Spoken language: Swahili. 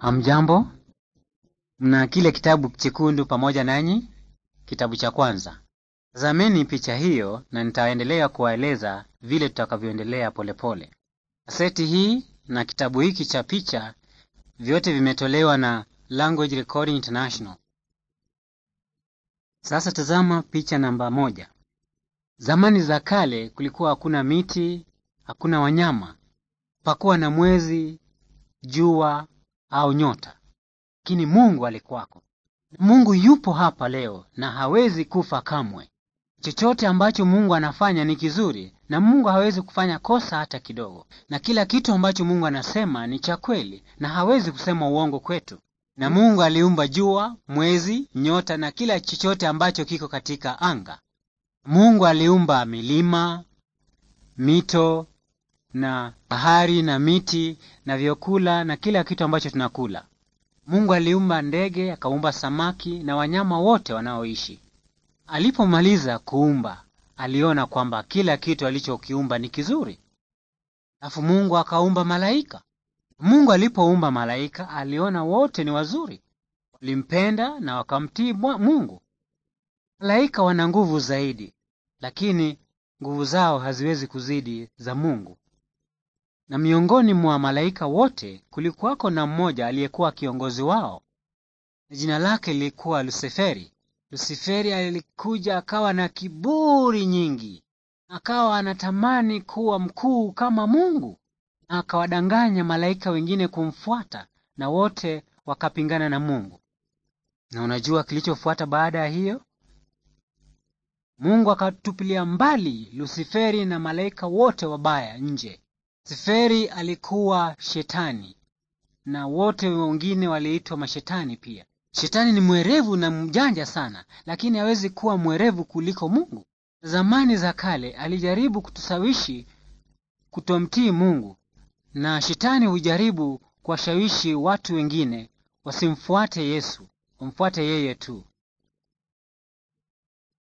Hamjambo, mna kile kitabu chekundu pamoja nanyi? Kitabu cha kwanza. Tazameni picha hiyo na nitaendelea kuwaeleza vile tutakavyoendelea polepole. Seti hii na kitabu hiki cha picha vyote vimetolewa na Language Recording International. Sasa tazama picha namba moja. Zamani za kale kulikuwa hakuna miti, hakuna wanyama, pakuwa na mwezi, jua, au nyota, lakini Mungu alikuwako. Mungu yupo hapa leo na hawezi kufa kamwe. Chochote ambacho Mungu anafanya ni kizuri, na Mungu hawezi kufanya kosa hata kidogo, na kila kitu ambacho Mungu anasema ni cha kweli, na hawezi kusema uongo kwetu. Na Mungu aliumba jua, mwezi, nyota na kila chochote ambacho kiko katika anga. Mungu aliumba milima, mito, na bahari na miti na vyakula na kila kitu ambacho tunakula. Mungu aliumba ndege, akaumba samaki na wanyama wote wanaoishi. Alipomaliza kuumba, aliona kwamba kila kitu alichokiumba ni kizuri. Alafu Mungu akaumba malaika. Mungu alipoumba malaika, aliona wote ni wazuri, walimpenda na wakamtii Mungu. Malaika wana nguvu zaidi, lakini nguvu zao haziwezi kuzidi za Mungu. Na miongoni mwa malaika wote kulikuwako na mmoja aliyekuwa kiongozi wao, na jina lake lilikuwa Lusiferi. Lusiferi alikuja akawa na kiburi nyingi, akawa anatamani kuwa mkuu kama Mungu, na akawadanganya malaika wengine kumfuata, na wote wakapingana na Mungu. Na unajua kilichofuata baada ya hiyo? Mungu akatupilia mbali Lusiferi na malaika wote wabaya nje. Siferi alikuwa shetani na wote wengine waliitwa mashetani pia. Shetani ni mwerevu na mjanja sana, lakini hawezi kuwa mwerevu kuliko Mungu. Zamani za kale alijaribu kutusawishi kutomtii Mungu, na shetani hujaribu kuwashawishi watu wengine wasimfuate Yesu, wamfuate yeye tu.